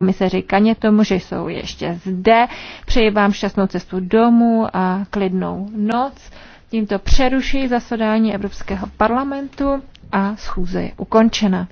komisaři Kaně tomu, že jsou ještě zde. Přeji vám šťastnou cestu domů a klidnou noc. Tímto přeruší zasedání Evropského parlamentu a schůze je ukončena.